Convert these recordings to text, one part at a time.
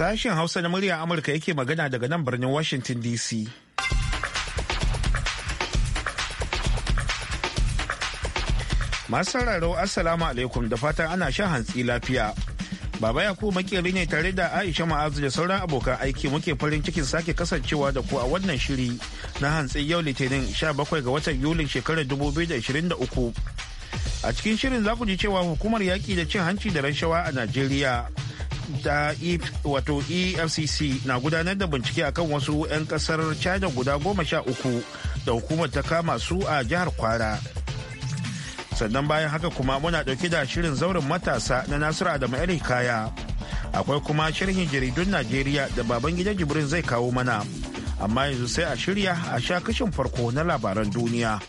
Sashen Hausa na murya Amurka yake magana daga nan birnin Washington DC. Masu sauraro Assalamu alaikum da fatan ana shan hantsi lafiya. Baba Yakubu makeri ne tare da Aisha Ma'azu da sauran abokan aiki muke farin cikin sake kasancewa da ku a wannan shiri na hantsi yau Litinin 17 ga watan Yulin shekarar 2023. A cikin shirin za ku ji cewa hukumar yaƙi da cin hanci da rashawa a Najeriya da e, wato efcc na gudanar da bincike akan wasu 'yan kasar china guda goma sha uku da hukumar ta kama su a jihar kwara sannan bayan haka kuma muna dauke da shirin zauren matasa na nasiru adamu kaya akwai kuma sharhin jaridun najeriya da baban gidan jibrin zai kawo mana amma yanzu sai a shirya a sha kashin farko na labaran duniya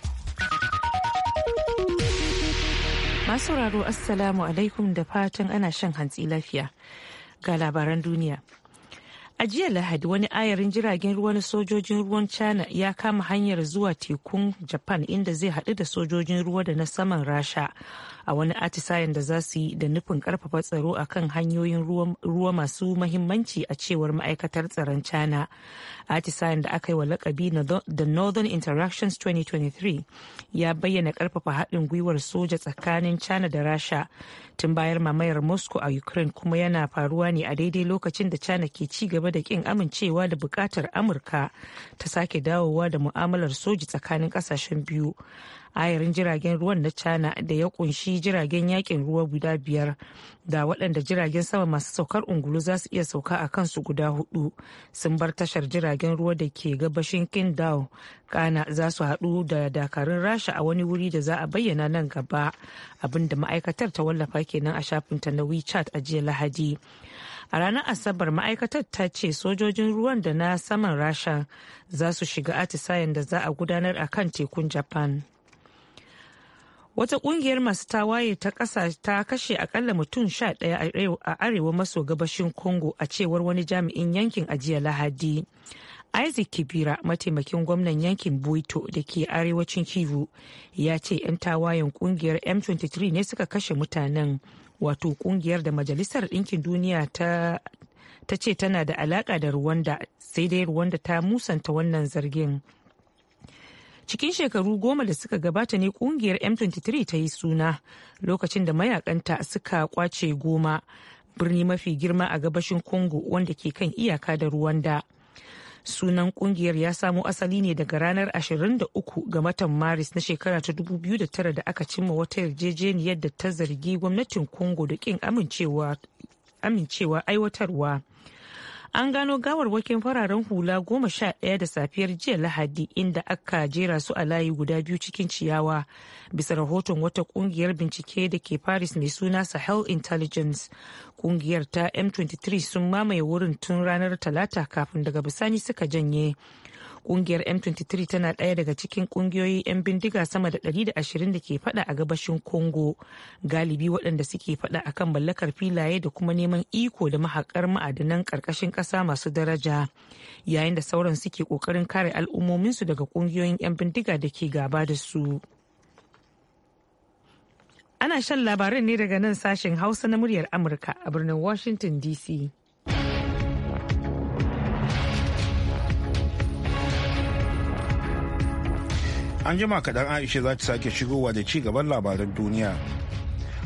masu raro assalamu alaikum da fatan ana shan hantsi lafiya ga labaran duniya. A jiya Lahadi wani ayarin jiragen ruwa na sojojin ruwan China ya kama hanyar zuwa tekun Japan inda zai haɗu da sojojin ruwa da na saman Rasha a wani atisayen da za su yi da nufin karfafa tsaro a kan hanyoyin ruwa masu mahimmanci a cewar ma'aikatar tsaron china atisayen da aka yi wa lakabi da northern interactions 2023 ya bayyana karfafa haɗin gwiwar soja tsakanin china da rasha tun bayar mamayar moscow a ukraine kuma yana faruwa ne a daidai lokacin da china ke ci gaba da kin amincewa da bukatar amurka ta sake dawowa da mu'amalar soji tsakanin ƙasashen biyu ayarin jiragen ruwan na china da ya kunshi jiragen yakin ruwa guda biyar da waɗanda jiragen sama masu saukar ungulu za su iya sauka a kansu guda hudu sun bar tashar jiragen ruwa da ke gabashin qingdao kana za su haɗu da dakarun rasha a wani wuri da za a bayyana nan gaba abinda ma'aikatar ta wallafa kenan a shafin ta na wechat a jiya lahadi a ranar asabar ma'aikatar ta ce sojojin ruwan da na saman rasha za su shiga atisayen da za a gudanar a kan tekun japan wata kungiyar masu tawaye ta kasa ta kashe akalla mutum sha ɗaya a arewa maso gabashin congo a cewar wani jami'in yankin ajiya lahadi isaac kibira mataimakin gwamnan yankin boito da ke arewacin kivu ya ce 'yan tawayen kungiyar m23 ne suka kashe mutanen wato kungiyar da majalisar ɗinkin duniya ta ta ce tana da alaka da rwanda sai dai rwanda ta musanta wannan zargin cikin shekaru goma da suka gabata ne kungiyar m23 ta yi suna lokacin da mayakanta suka kwace goma birni mafi girma a gabashin congo wanda ke kan iyaka da rwanda sunan kungiyar ya samo asali ne daga ranar 23 ga watan maris na shekara ta 2009 da aka cimma wata yarjejeniyar da ta zargi gwamnatin congo da kin amincewa aiwatarwa an gano gawarwakin fararen hula goma sha ɗaya da safiyar jiya lahadi inda aka jera su a layi guda biyu cikin ciyawa bisa rahoton wata kungiyar bincike da ke paris mai suna sahel intelligence kungiyar ta m23 sun mamaye wurin tun ranar talata kafin daga bisani suka janye Kungiyar M23 tana ɗaya daga cikin kungiyoyi 'yan bindiga sama da 120 da ke fada a gabashin Congo, galibi waɗanda suke fada akan mallakar filaye da kuma neman iko da mahakar ma'adanan ƙarƙashin ƙasa masu daraja, yayin da sauran suke ƙoƙarin kare su daga kungiyoyin 'yan bindiga da ke gaba da su. Ana shan labarin ne daga nan sashen Hausa na muryar Amurka a birnin Washington DC. an jima kaɗan aisha za ta sake shigowa da ci gaban labaran duniya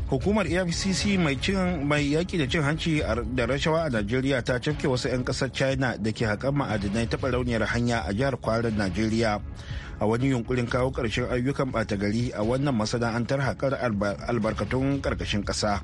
hukumar efcc mai cin mai yaki da cin hanci da rashawa a najeriya ta cafke wasu 'yan kasar china da ke haƙan ma'adinai taɓa rauniyar hanya a jihar kwarin najeriya a wani yunkurin kawo ƙarshen ayyukan ɓata gari a wannan masana'antar haƙar albarkatun ƙarƙashin ƙasa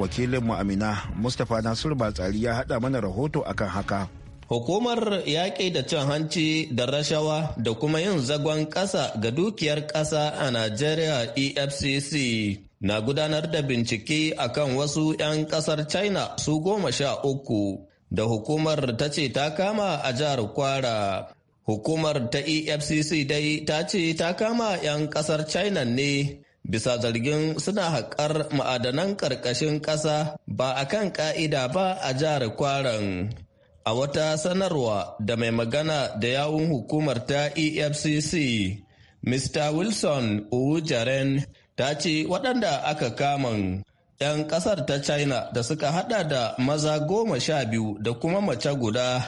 wakilinmu amina mustapha nasiru batsari ya haɗa mana rahoto akan haka Hukumar yaƙi da cin hanci da rashawa da kuma yin zagon ƙasa ga dukiyar ƙasa a Najeriya EFCC na gudanar da bincike akan wasu 'yan ƙasar China su goma sha uku da hukumar ta ce ta kama a jihar Kwara. Hukumar ta EFCC dai ta ce ta kama 'yan ƙasar China ne bisa zargin suna haƙar ma'adanan ƙarƙashin ƙasa ba a kan ƙa'ida ba a jihar Kwaran. A wata sanarwa da mai magana da yawun hukumar ta EFCC, Mr. Wilson Uwujaren ta ce waɗanda aka kama 'yan ƙasar ta China da suka hada da maza goma sha biyu da kuma mace guda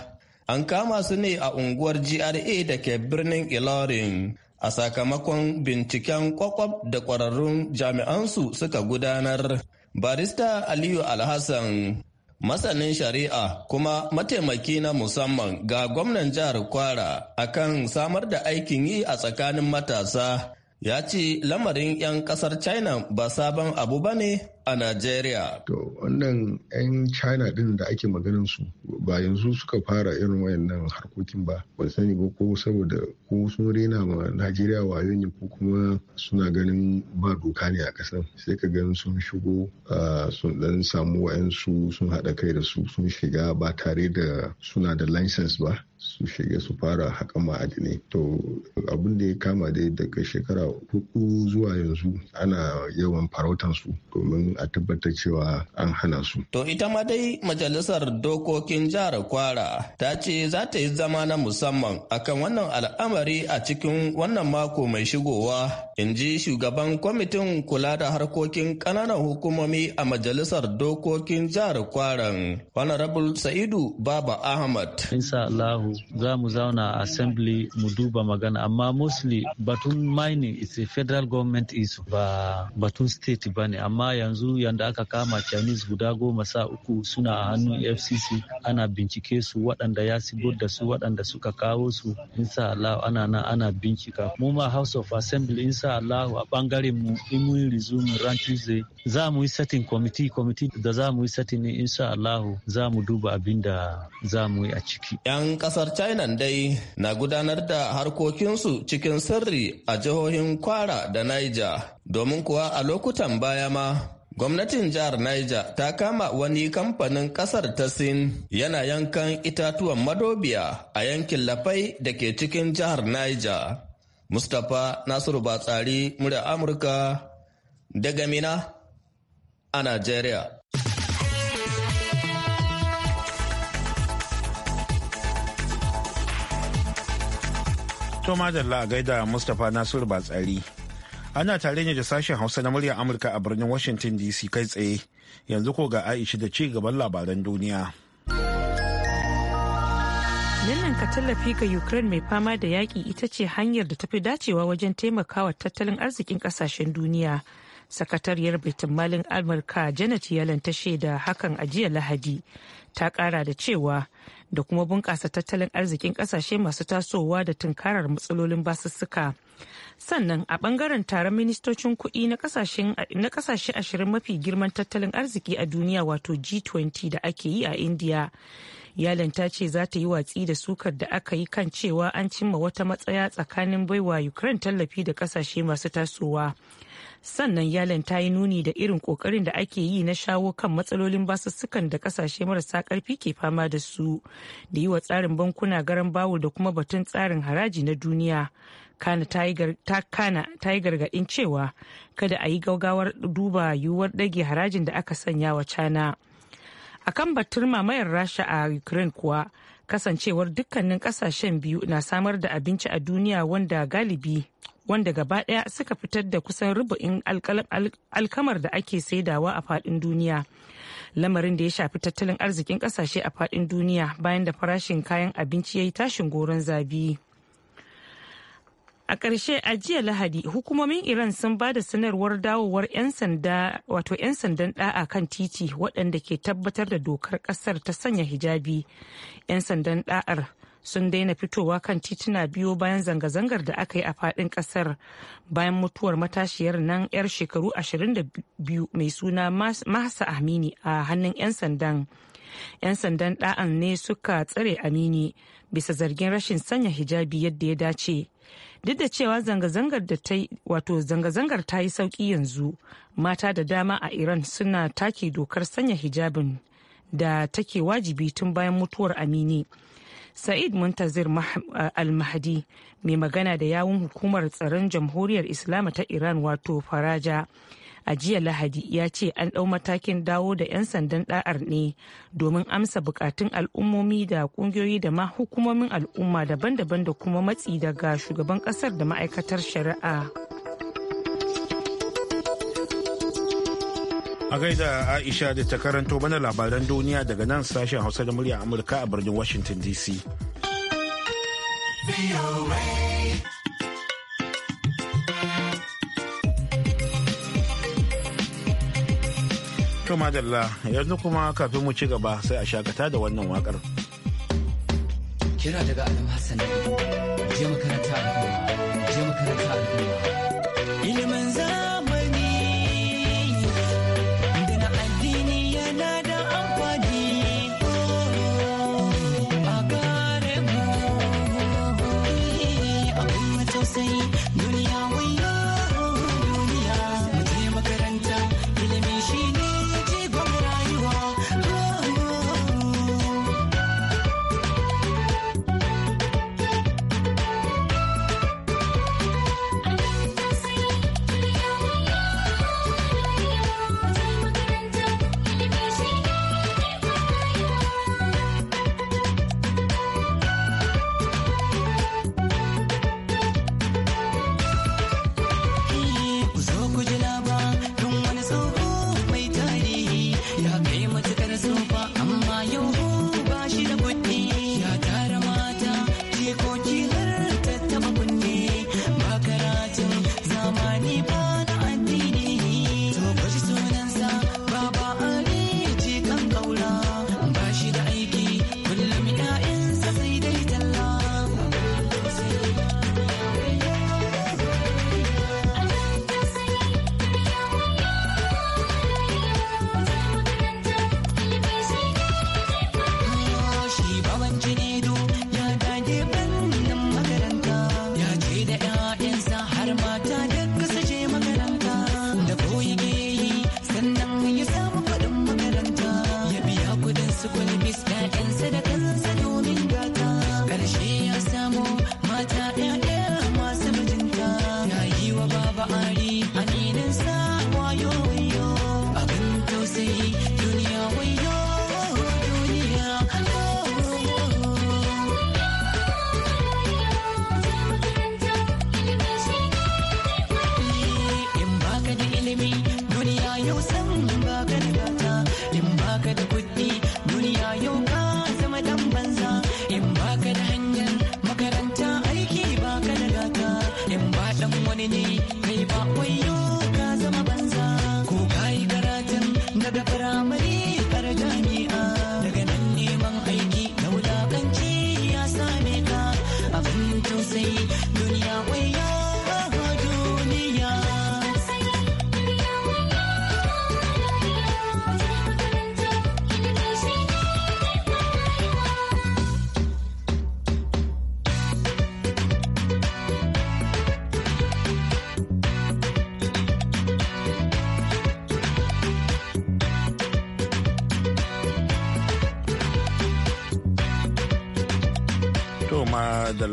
an kama su ne a unguwar GRA da ke birnin Ilorin a sakamakon binciken kwakwab da ƙwararrun jami'ansu suka gudanar. Barista Aliyu Alhassan masanin shari'a kuma mataimaki na musamman ga gwamnan jihar Kwara akan samar da aikin yi a tsakanin matasa ya ce lamarin 'yan kasar china ba sabon abu ba ne a nigeria. To wannan 'yan China din da ake maganin su ba yanzu suka fara irin wayannan harkokin ba. Ban sani ba ko saboda ko sun rena ma nigeria wayo ne ko kuma suna ganin ba doka ne a ƙasar. Sai ka gan sun shigo sun dan samu wayansu sun hada kai da su sun shiga ba tare da suna da license ba. su shiga su fara haƙa ma'adinai to abin da ya kama dai daga shekara uku zuwa yanzu ana yawan farautar su domin a tabbatar cewa an hana su to ita ma dai majalisar dokokin jihar kwara ta ce za ta yi zama na musamman akan wannan al'amari a cikin wannan mako mai shigowa in ji shugaban kwamitin kula da harkokin ƙananan hukumomi a majalisar dokokin jihar kwaran honorable sa'idu baba ahmad za mu zauna assembly mu duba magana amma mostly batun mining is a federal government issue ba batun state ba ne amma yanzu yanda aka kama chinese guda goma sa uku suna a hannun fcc ana bincike su waɗanda ya sigo da su waɗanda suka kawo su insa allahu ana nan ana bincika mu ma house of assembly insa allahu a bangaren mu in mun resume ran tuesday za mu yi setting committee committee da za mu yi setting ne insha za mu duba abin da za mu yi a ciki yan ƙasa kasar China dai na gudanar da harkokinsu cikin sirri a jihohin Kwara da Niger. Domin kuwa a lokutan baya ma Gwamnatin jihar Niger ta kama wani kamfanin kasar ta Sin yana yankan itatuwan madobiya a yankin Lafai da ke cikin jihar Niger. Mustapha Nasiru Batsari, murya Amurka, daga Mina a Najeriya. To madalla gaida Mustapha Nasiru Batsari. Ana tare ne da sashen Hausa na muryar Amurka a birnin Washington DC kai tsaye. Yanzu ko ga Aisha da ci gaban labaran duniya. Yannan ka tallafi ga Ukraine mai fama da yaƙi ita ce hanyar da ta fi dacewa wajen taimakawa tattalin arzikin ƙasashen duniya. Sakatariyar Malin Amurka Janet Yellen ta shaida hakan a jiya Lahadi. Ta ƙara da cewa da kuma bunƙasa tattalin arzikin ƙasashe masu tasowa da tunkarar matsalolin basussuka. Sannan a ɓangaren taron ministocin kuɗi na ƙasashe ashirin mafi girman tattalin arziki a duniya wato G20 da ake yi a India. Yalin ta ce za ta yi watsi da sukar da aka yi kan cewa an cimma wata matsaya tsakanin baiwa Ukraine tallafi da ƙasashe masu tasowa. sannan yalen ta yi nuni da irin kokarin da ake yi na shawo kan matsalolin basussukan da kasashe marasa karfi ke fama da su da yi wa tsarin bankuna garan bawul da kuma batun tsarin haraji na duniya kana ta yi gargadin cewa kada a yi gaugawar duba yiwuwar dage harajin da aka sanya wa cana a kan batun mamayar rasha a ukraine kuwa kasancewar dukkanin kasashen biyu na samar da abinci a duniya wanda galibi wanda gaba daya suka fitar da kusan rubu'in alkamar da ake saidawa a fadin duniya lamarin da ya shafi tattalin arzikin kasashe a fadin duniya bayan da farashin kayan abinci ya yi tashin goron zabi a ƙarshe a jiya lahadi hukumomin iran sun ba da sanarwar dawowar 'yan wato 'yan sandan da'a kan titi waɗanda ke tabbatar da dokar ƙasar ta sanya hijabi 'yan sandan da'ar sun daina fitowa kan tituna biyu bayan zanga-zangar da aka yi a faɗin ƙasar bayan mutuwar matashiyar nan 'yar shekaru 22 mai suna mahsa amini a hannun 'yan sandan 'yan sandan ɗa'an ne suka tsare amini bisa zargin rashin sanya hijabi yadda ya dace duk da cewa zanga-zangar da ta wato zanga-zangar ta yi sauki yanzu mata da dama a iran suna take dokar sanya hijabin da take wajibi tun bayan mutuwar amini Sa'id Muntazir eh, Al-Mahdi mai magana da yawun hukumar tsaron jamhuriyar Islama ta Iran wato Faraja. A jiya Lahadi ya ce an ɗau matakin dawo da 'yan sandan ɗa'ar ne domin amsa bukatun al'ummomi da ƙungiyoyi da ma hukumomin al'umma daban-daban da kuma matsi daga shugaban ƙasar da ma'aikatar shari'a. A gaida Aisha da ta karanto mana labaran duniya daga nan sashen Hausa da murya Amurka a birnin Washington DC. To madalla yanzu kuma kafin mu ci gaba sai a shakata da wannan wakar. Kira daga Alam Hassan.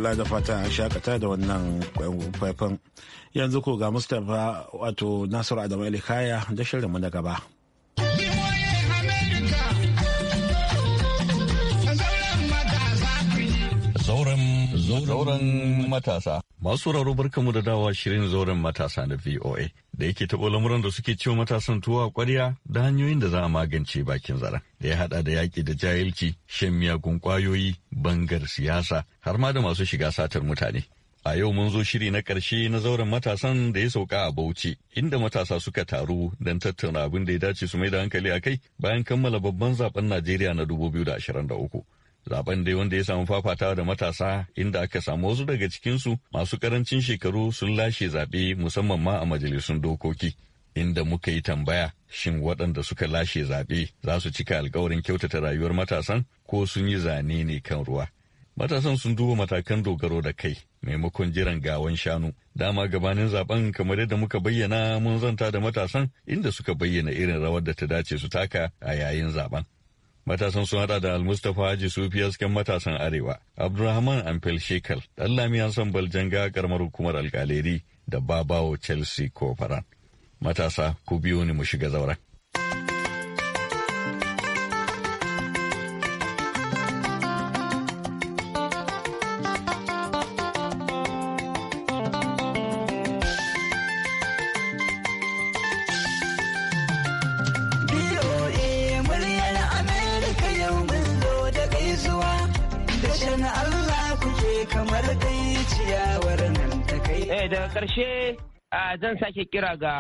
madalla da fata a shakata da wannan faifan yanzu ko ga mustapha wato nasiru adamu alikaya da shirinmu na gaba zauren matasa Masu barka barkamu da dawa shirin zauren matasa na VOA da yake taɓo lamuran da suke ciwo matasan tuwa ƙwarya da hanyoyin da za a magance bakin zara da ya haɗa da yaƙi da jahilci, shan miyagun ƙwayoyi, bangar siyasa har ma da masu shiga satar mutane. A yau mun zo shiri na ƙarshe na zauren matasan da ya sauka a Bauchi, inda matasa suka taru don tattauna abin da ya dace su mai da hankali a kai bayan kammala babban zaben Najeriya na dubu biyu da da uku. Zaben dai wanda ya samu fafatawa da matasa inda aka samu wasu daga cikinsu masu karancin shekaru sun lashe zaɓe musamman ma a majalisun dokoki. Inda muka yi tambaya shin waɗanda suka lashe zaɓe za su cika alkawarin kyautata rayuwar matasan ko sun yi zane ne kan ruwa. Matasan sun duba matakan dogaro da kai maimakon jiran gawan shanu. Dama gabanin zaben kamar yadda muka bayyana mun zanta da matasan inda suka bayyana irin rawar da ta dace su taka a yayin zaben. Matasan sun hada da Almustapha Haji Sufi hasken matasan Arewa, Abdulrahman Amfel Shekal, Ɗanlami Hassan Baljanga karamar hukumar alkaleri da Babawo Chelsea Kofaran. Matasa ku biyo ni mu shiga zauren. daga ƙarshe zan sake kira ga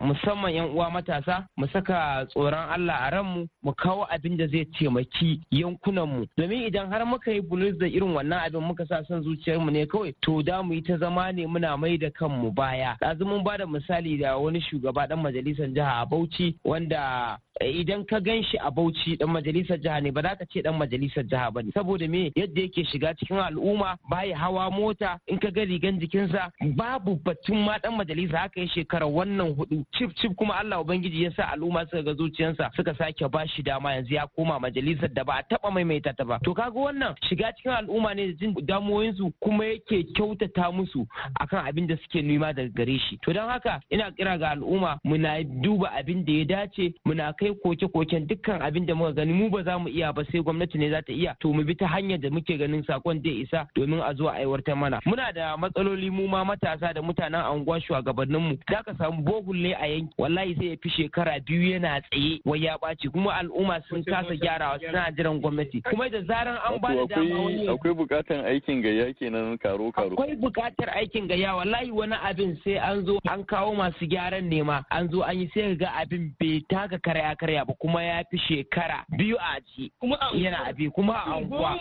musamman 'yan uwa matasa mu saka tsoron Allah a ranmu mu kawo abin da zai taimaki yankunan mu domin idan har muka yi bulus da irin wannan abin muka sa son zuciyarmu ne kawai to da mu yi ta zama ne muna mai da kanmu baya ɗazu mun ba da misali da wani shugaba dan majalisar jiha a Bauchi wanda eh, idan ka gan shi a Bauchi dan majalisar jiha ne ba za ka ce dan majalisar jiha ba ne saboda me yadda yake shiga cikin al'umma bai hawa mota in ka ga rigan jikinsa babu batun ma dan majalisar majalisa haka ya shekara wannan hudu cif cif kuma Allah ubangiji ya sa al'umma suka ga zuciyarsa suka sake ba shi dama yanzu ya koma majalisar da ba a taba maimaita ta ba to kaga wannan shiga cikin al'umma ne da jin damuwoyinsu kuma yake kyautata musu akan abin da suke nema daga gare shi to don haka ina kira ga al'umma muna duba abin da ya dace muna kai koke-koken dukkan abin da muka gani mu ba za mu iya ba sai gwamnati ne za ta iya to mu bi ta hanyar da muke ganin sakon zai isa domin a zo a aiwatar mana muna da matsaloli mu ma matasa da mutanen anguwa shugabanninmu za ka samu bohul ne a yanki wallahi sai ya fi shekara biyu yana tsaye wai ya ɓaci kuma al'umma sun kasa gyarawa suna jiran gwamnati kuma da zaran an ba da dama wani akwai bukatar aikin gayya kenan karo karo akwai bukatar aikin gayya wallahi wani abin sai an zo an kawo masu gyaran nema an zo an yi sai ga abin bai taka karya karya ba kuma ya fi shekara biyu a ci yana abi kuma a anguwa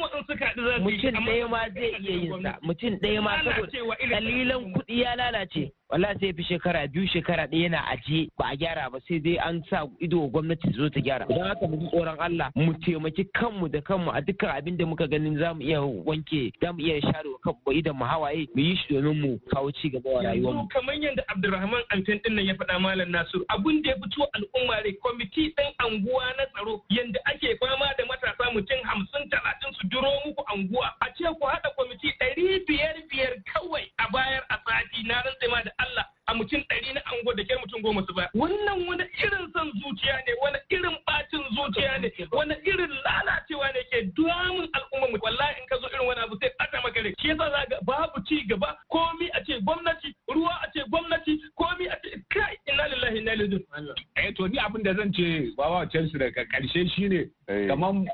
mutum ɗaya ma zai iya yin sa mutum ɗaya ma saboda dalilan kuɗi ya lalace wallahi sai fi shekara biyu shekara ɗaya yana aje ba a gyara ba sai dai an sa ido gwamnati zo ta gyara don haka mu tsoron Allah mu taimaki kanmu da kanmu a dukkan abin da muka ganin za mu iya wanke za mu iya share kan idan mu hawaye mu yi shi domin mu kawo ci gaba wa rayuwar mu kamar yadda Abdulrahman Anten din nan ya faɗa malam Nasiru Abun da ya fito al'umma ne kwamiti ɗin anguwa na tsaro yanda ake fama da matasa mutum hamsin talatin su duro muku anguwa a ce ku haɗa kwamiti ɗari biyar biyar kawai a bayar a sati na rantsa ma da Allah a mutum ɗari na ango da ke mutum goma su ba wannan wani irin son zuciya ne wani irin bacin zuciya ne wani irin lalacewa ne ke duwamin al'umma mu wallahi in ka zo irin wani abu sai ɓata maka rai shi yasa za babu ci gaba komi a ce gwamnati ruwa a ce gwamnati komi a ce kai inna lillahi inna ilaihi eh to ni abin da zan ce bawa Chelsea daga karshe shine eh. kamar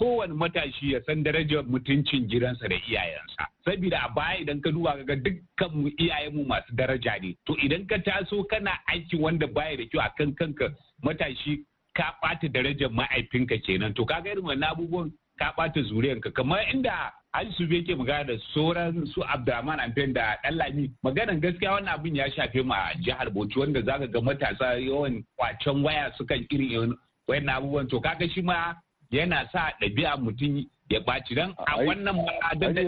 kowane matashi ya san darajar mutuncin gidansa da iyayensa Sabida a baya idan ka duba ga dukkan mu iyayen mu masu daraja mutane to idan ka taso kana aiki wanda baya da kyau akan kanka matashi ka bata darajar ma'aifinka kenan to kaga irin wannan abubuwan ka ɓata zuriyanka kamar inda Alisu yake magana da sauran su Abdurrahman Amfen da Dallami maganan gaskiya wannan abin ya shafe mu a jihar Bauchi wanda zaka ga matasa yawan kwacen waya sukan irin wayannan abubuwan to kaga shi ma yana sa ɗabi'a mutum ya ɓaci don a wannan ma'adar da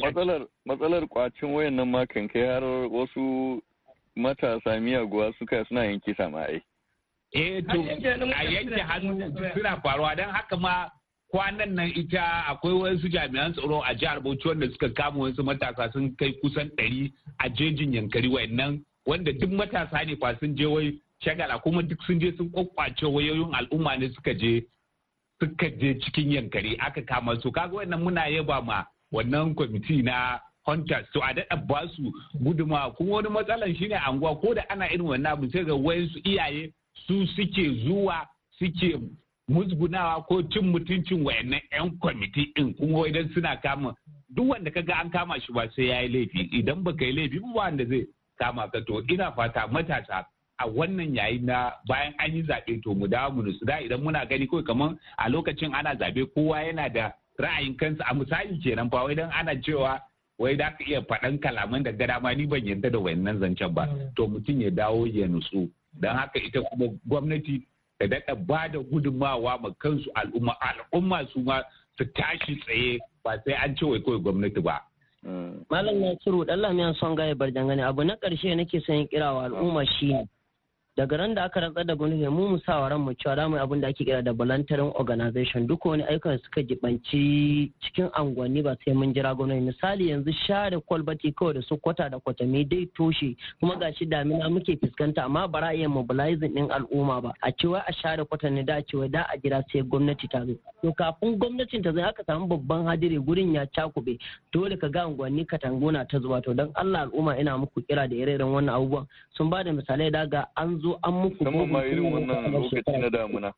matsalar matsalar kwacin wayan nan makan kai har wasu matasa miyaguwa suka suna yin kisa ai eh to a yanke hannu suna faruwa don haka ma kwanan nan ita akwai wasu jami'an tsaro a jihar Bauchi wanda suka kama wasu matasa sun kai kusan ɗari a jejin yankari wayannan wanda duk matasa ne kwa sun je wai shagala kuma duk sun je sun kwakwace wayoyin al'umma ne suka je suka je cikin yankari aka kama su kaga wannan muna yaba ma wannan kwamiti na hunters to a daɗa ba su guduma kuma wani matsalan shine anguwa ko da ana irin wannan abu sai ga wayansu iyaye su suke zuwa suke musgunawa ko cin mutuncin wayannan yan kwamiti in kuma idan suna kama duk wanda kaga an kama shi ba sai yayi laifi idan baka yi laifi ba wanda zai kama ka to ina fata matasa a wannan yayi na bayan an yi zaɓe to mu dawo mu nutsu da idan muna gani kawai kamar a lokacin ana zaɓe kowa yana da ra'ayin kansa a misali kenan fa wai dan ana cewa wai da ka iya faɗan kalaman da gada ma ni ban yarda da wayannan zancen ba mm. to mutum ya dawo ya nutsu don haka ita kuma gwamnati da daɗa ba da gudunmawa ma kansu al'umma al'umma su ma su tashi tsaye ba sai an ce wai kawai gwamnati ba mm. Malam Nasiru, Allah miyan son gaya bar dangane abu na ƙarshe nake son kirawa al'umma shi ne. daga ran da aka rantsar da gwamnati mu mu sa mu cewa zamu abin da ake kira da volunteering organization duk wani ayyukan suka jibanci cikin angwanni ba sai mun jira gwamnati misali yanzu share kwalbati kawai da su kwata da kwatami dai toshe kuma gashi damina muke fuskanta amma ba ra'ayin mobilizing din al'umma ba a cewa a share kwatanni da cewa da a jira sai gwamnati ta zo to kafin gwamnatin ta zo aka samu babban hadiri gurin ya cakube dole ka ga angwanni katangona ta zuwa to dan Allah al'umma ina muku kira da ire-iren wannan abubuwan sun ba da misalai daga an zo an muku ma irin wannan lokaci na damuna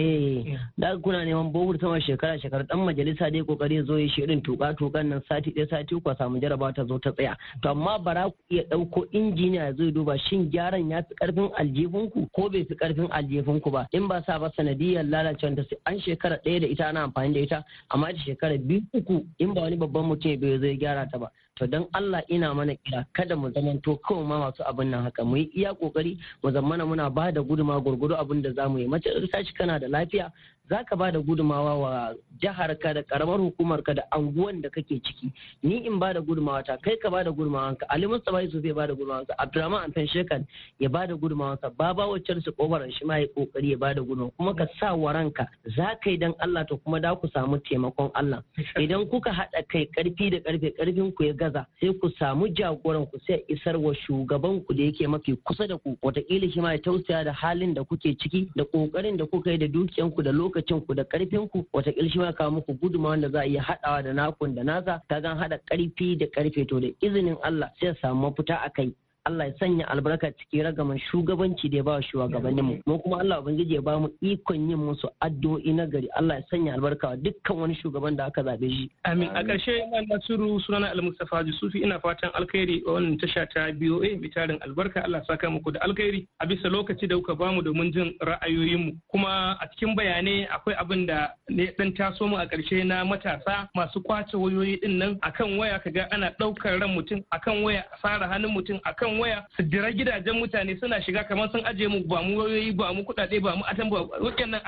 eh da kuna neman bohur sama shekara shekara dan majalisa dai kokari zo ya shirin tuka tukan nan sati ɗaya sati uku samu jaraba ta zo ta tsaya to amma bara ku iya ɗauko injiniya ya zai duba shin gyaran ya fi karfin aljihunku ko bai fi karfin aljihunku ba in ba sa ba sanadiyar lalacewa ta an shekara ɗaya da ita ana amfani da ita amma shekara biyu uku in ba wani babban mutum ya zo ya gyara ta ba to don Allah ina mana kira kada mu zamanto kawai ma masu abin nan haka mu yi iya kokari mu zamana muna ba da guduma gurguru abin da za mu yi mace ta shi kana da lafiya za ka ba da gudumawa wa jihar ka da karamar hukumar ka da anguwan da kake ciki ni in ba da gudumawa ta kai ka ba da gudumawa ka ali mustapha yusuf ya ba da gudumawa ka abdurrahman amfan shekan ya ba da gudumawa ka ba waccan su kobaran shi ma ya kokari ya ba da gudumawa kuma ka sa wa ranka za ka yi dan Allah ta kuma da ku samu taimakon Allah idan kuka haɗa kai karfi da karfe karfin ku ya gaza sai ku samu jagoran ku sai isar wa shugaban ku da yake mafi kusa da ku wataƙila shi ma ya tausaya da halin da kuke ciki da kokarin da kuka yi da dukiyanku da lokacin lokacin ku da karfin ku wata kilshi ma kawo muku guduma wanda za a iya haɗawa da nakun da nasa ta zan haɗa karfi da karfe to da izinin Allah sai samu mafita a kai Allah ya sanya albarka cikin ragaman shugabanci da ya ba wa shugabanninmu mu kuma Allah ubangiji ya ba mu ikon yin musu addu'o'i na gari Allah ya sanya albarka wa dukkan wani shugaban da aka zabe shi amin a ƙarshe Nasiru sunana Al-Mustafa Jusufi ina fatan alkhairi a wannan tasha ta BOA mai tarin albarka Allah saka muku da alkhairi a bisa lokaci da kuka ba mu domin jin ra'ayoyinmu kuma a cikin bayanai akwai abin da ne dan taso mu a ƙarshe na matasa masu kwace wayoyi din nan akan waya kaga ana ɗaukar ran mutum akan waya asara hannun mutum akan waya su dira gidajen mutane suna shiga kamar sun ajiye mu ba mu wayoyi ba mu kudade ba mu atan ba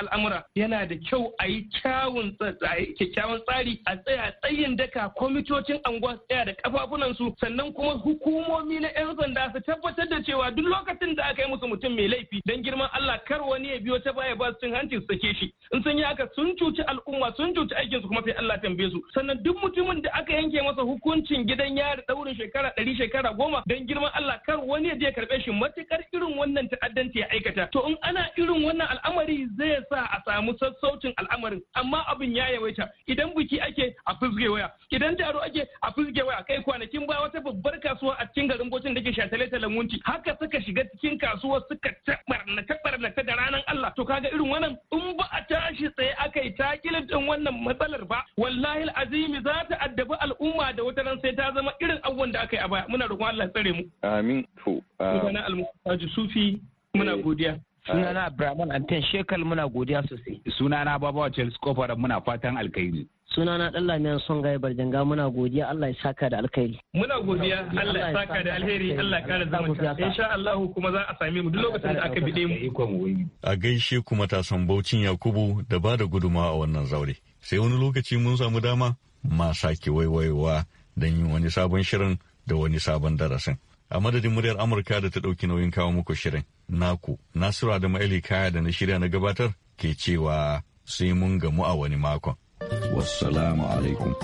al'amura yana da kyau a yi kyawun kyakkyawan tsari a tsaya tsayin daka kwamitocin anguwa tsaya da kafafunansu sannan kuma hukumomi na 'yan sanda su tabbatar da cewa duk lokacin da aka yi musu mutum mai laifi don girman Allah kar wani ya biyo ta baya ba su cin hanci su sake shi in sun yi haka sun cuci al'umma sun cuci aikinsu kuma sai Allah tambaye su sannan duk mutumin da aka yanke masa hukuncin gidan yari daurin shekara 100 shekara goma don girman Allah kar wani je karbe shi matukar irin wannan ta'addanci ya aikata to in ana irin wannan al'amari zai sa a samu sassaucin al'amarin amma abin ya yawaita idan biki ake a fusge waya idan taro ake a fusge waya kai kwanakin ba wata babbar kasuwa a cikin garin Bauchin da ke shatale ta haka suka shiga cikin kasuwa suka tabarna tabarna ta da ranar Allah to kaga irin wannan in ba a tashi tsaye aka yi takilin din wannan matsalar ba wallahi azimi za ta addabi al'umma da wata ran sai ta zama irin abubuwan da aka yi a baya muna roƙon Allah tsare mu Amin. To. Ah, sunana Almuhaji Sufi muna eh, godiya. Ah, sunana Abraman Anten Shekal muna godiya sosai. Sunana wa Charles Kofar muna fatan alkhairi. sunana dan lamiyan son gaya barjanga muna godiya Allah ya saka da alkhairi muna godiya Allah ya saka da alheri Allah ya kara zamanta insha Allah kuma za a same mu duk lokacin da aka bide mu a gaishe kuma ta san Baucin Yakubu da ba da guduma a wannan zaure sai wani lokaci mun samu dama ma sake waiwaiwa don yin wani sabon shirin da wani sabon darasin a madadin muryar amurka da ta ɗauki nauyin kawo muku shirin naku nasiru adamu ali kaya da na shirya na gabatar ke cewa sai mun gamu a wani makon wassalamu alaikum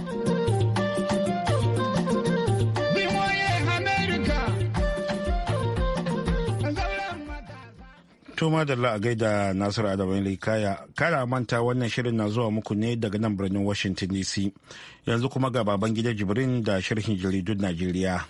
To da a gaida Nasiru Adamu Kaya, kara manta wannan shirin na zuwa muku ne daga nan birnin Washington DC. Yanzu kuma ga baban gida Jibrin da sharhin jaridun Najeriya.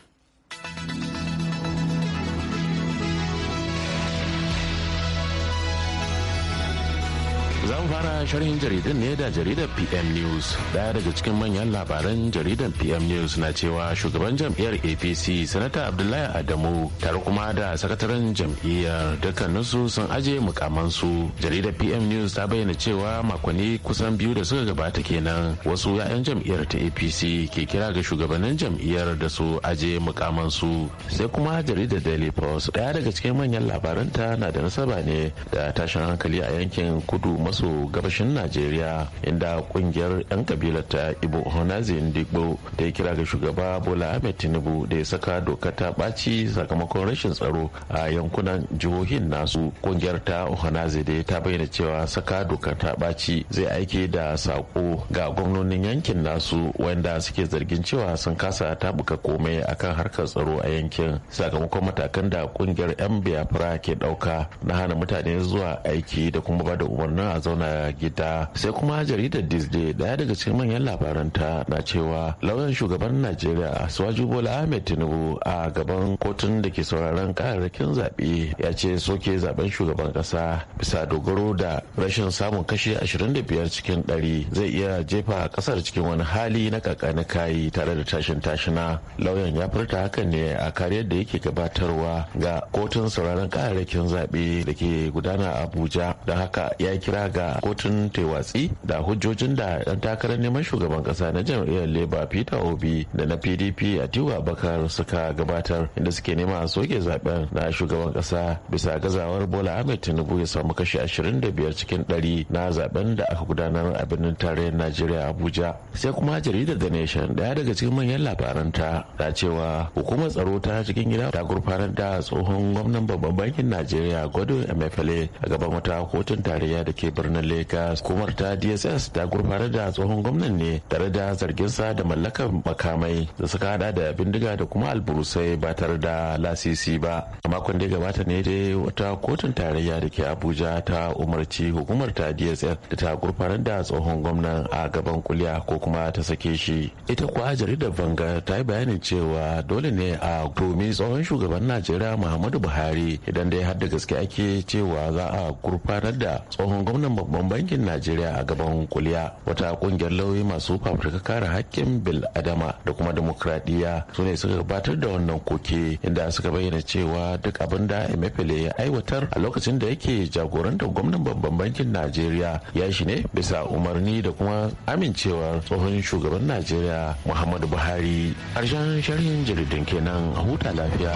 Za mu fara sharhin jaridan ne da jaridar PM News. Daya daga cikin manyan labaran jaridan PM News na cewa shugaban jam'iyyar APC Sanata Abdullahi Adamu tare kuma da sakataren jam'iyyar dukkaninsu sun aje mukamansu. Jaridar PM News ta bayyana cewa makonni kusan biyu da suka gabata kenan wasu 'ya'yan jam'iyyar ta APC ke kira ga shugabannin jam'iyyar da su aje mukamansu. Sai kuma jaridar Daily Post daya daga cikin manyan labaranta na da nasaba ne da tashin hankali a yankin kudu maso maso gabashin najeriya inda kungiyar 'yan kabilar ta ibo honazi ndigbo ta yi kira ga shugaba bola ahmed tinubu da ya saka doka ta ɓaci sakamakon rashin tsaro a yankunan jihohin nasu kungiyar ta honazi da ta bayyana cewa saka doka ta ɓaci zai aiki da sako ga gwamnonin yankin nasu wanda suke zargin cewa sun kasa tabuka komai akan harkar tsaro a yankin sakamakon matakan da kungiyar 'yan biafra ke ɗauka na hana mutane zuwa aiki da kuma ba da umarnin a zauna gida sai kuma jaridar disney daya daga cikin manyan labaranta na cewa lauyan shugaban najeriya suwaju bola ahmed tinubu a gaban kotun da ke sauraron kararrakin zaɓe ya ce soke zaben shugaban ƙasa bisa dogaro da rashin samun kashi 25 cikin 100 zai iya jefa ƙasar cikin wani hali na kakani kayi tare da tashin tashina lauyan ya furta hakan ne a kariyar da yake gabatarwa ga kotun sauraron kararrakin zaɓe da ke gudana abuja don haka ya kira ga kotun tewatsi da hujjojin da dan takarar neman shugaban kasa na jam'iyyar labour peter obi da na pdp a atiku abubakar suka gabatar inda suke nema a soke zaben na shugaban kasa bisa gazawar bola ahmed tinubu ya samu kashi 25 cikin 100 na zaben da aka gudanar a birnin tarayyar najeriya abuja sai kuma jaridar the nation daya daga cikin manyan labaranta ta cewa hukumar tsaro ta cikin gida ta gurfanar da tsohon gwamnan babban bankin najeriya godwin emefiele a gaban wata kotun tarayya da ke birnin lagos hukumar ta dss ta gurfanar da tsohon gwamnan ne tare da zargin sa da mallakar makamai da suka hada da bindiga da kuma alburusai ba tare da lasisi ba a makon da gabata ne dai wata kotun tarayya da ke abuja ta umarci hukumar ta dss da ta gurfanar da tsohon gwamnan a gaban kuliya ko kuma ta sake shi ita kuwa jaridar vanga ta yi bayanin cewa dole ne a domin tsohon shugaban najeriya muhammadu buhari idan dai har da gaske ake cewa za a gurfanar da tsohon gwamnan babban bankin najeriya a gaban kuliya wata kungiyar lauyi masu fafirka kare hakkin bil adama da kuma demokradiyya su ne suka gabatar da wannan koke inda suka bayyana cewa duk abin da emefele ya aiwatar a lokacin da yake jagorantar gwamnan babban bankin najeriya ya shi ne bisa umarni da kuma amincewar tsohon shugaban najeriya muhammadu buhari harshen sharhin jaridun kenan a huta lafiya.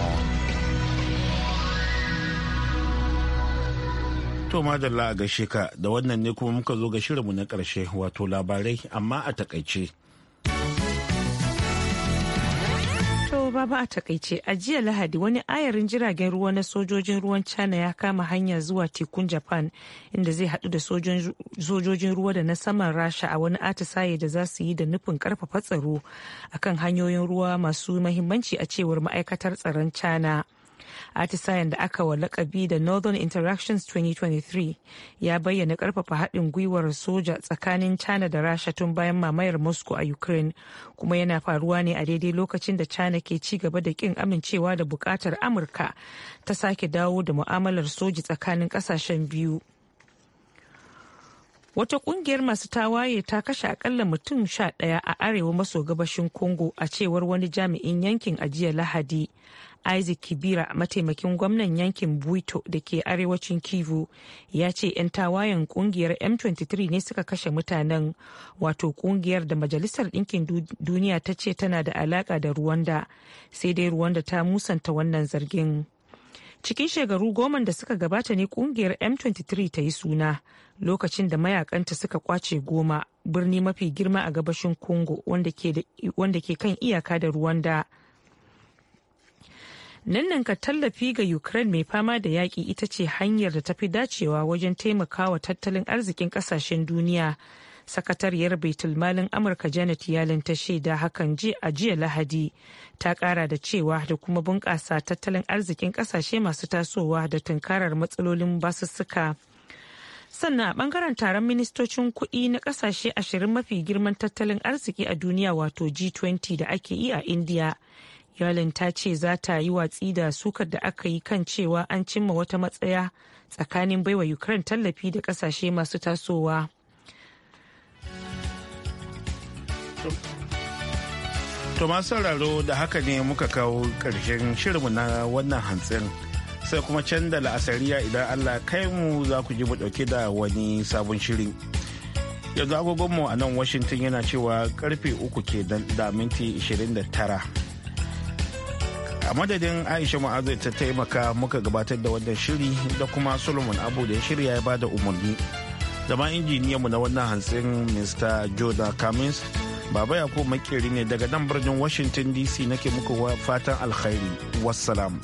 To madalla a gaishe ka da wannan ne kuma muka zo ga shirinmu na ƙarshe wato labarai amma a takaice. baba a takaice a jiya lahadi wani ayarin jiragen ruwa na sojojin ruwan China ya kama hanya zuwa tekun Japan inda zai hadu da sojojin ruwa da na saman Rasha a wani atisaye da za su yi da nufin karfafa tsaro akan hanyoyin ruwa masu mahimmanci a cewar ma'aikatar tsaron China. atisayen da aka wa lakabi da northern interactions 2023 ya bayyana karfafa haɗin gwiwar soja tsakanin china da rasha tun bayan mamayar moscow a ukraine kuma yana faruwa ne a daidai lokacin da china ke ci gaba da ƙin amincewa da buƙatar amurka ta sake dawo da mu'amalar soji tsakanin ƙasashen biyu wata ƙungiyar masu tawaye ta kashe akalla mutum sha ɗaya a arewa maso gabashin congo a cewar wani jami'in yankin a jiya lahadi isaac kibira mataimakin gwamnan yankin buito da ke arewacin kivu ya ce 'yan tawayen kungiyar m23 ne suka kashe mutanen wato kungiyar da majalisar ɗinkin duniya ta ce tana da alaka da ruwanda sai dai ruwanda ta musanta wannan zargin cikin shekaru goma da suka gabata ne kungiyar m23 ta yi suna lokacin da mayakanta suka kwace goma birni mafi girma a gabashin congo wanda ke kan iyaka da rwanda ka tallafi ga Ukraine mai fama da yaƙi ita ce hanyar da tafi dacewa wajen taimakawa tattalin arzikin ƙasashen duniya. Sakatariyar Baitulmalin Amurka Janet yalin ta shaida hakan ji a jiya Lahadi ta kara da cewa da kuma bunƙasa tattalin arzikin ƙasashe masu tasowa da tunkarar matsalolin basussuka. sannan a bangaren taron ministocin kuɗi na ƙasashe ashirin mafi girman tattalin arziki a duniya wato g20 da ake yi a india yalin ta ce za ta yi watsi da sukar da aka yi kan cewa an cimma wata matsaya tsakanin baiwa ukraine tallafi da kasashe masu tasowa to sauraro da haka ne muka kawo ƙarshen shirinmu na wannan hantsin sai kuma can da la'asariya idan allah kai mu za ku ji mu dauke da wani sabon shirin. yanzu agogonmu a nan washington yana cewa karfe uku ke da minti 29 a madadin aisha ma'azai ta taimaka muka gabatar da wannan shiri da kuma solomon abu da ya shirya ya bada umarni zama injiniyanmu na wannan hantsin mr joda cummins baba yakubu makeri ne daga nan birnin washington dc nake muku fatan alkhairi wassalam.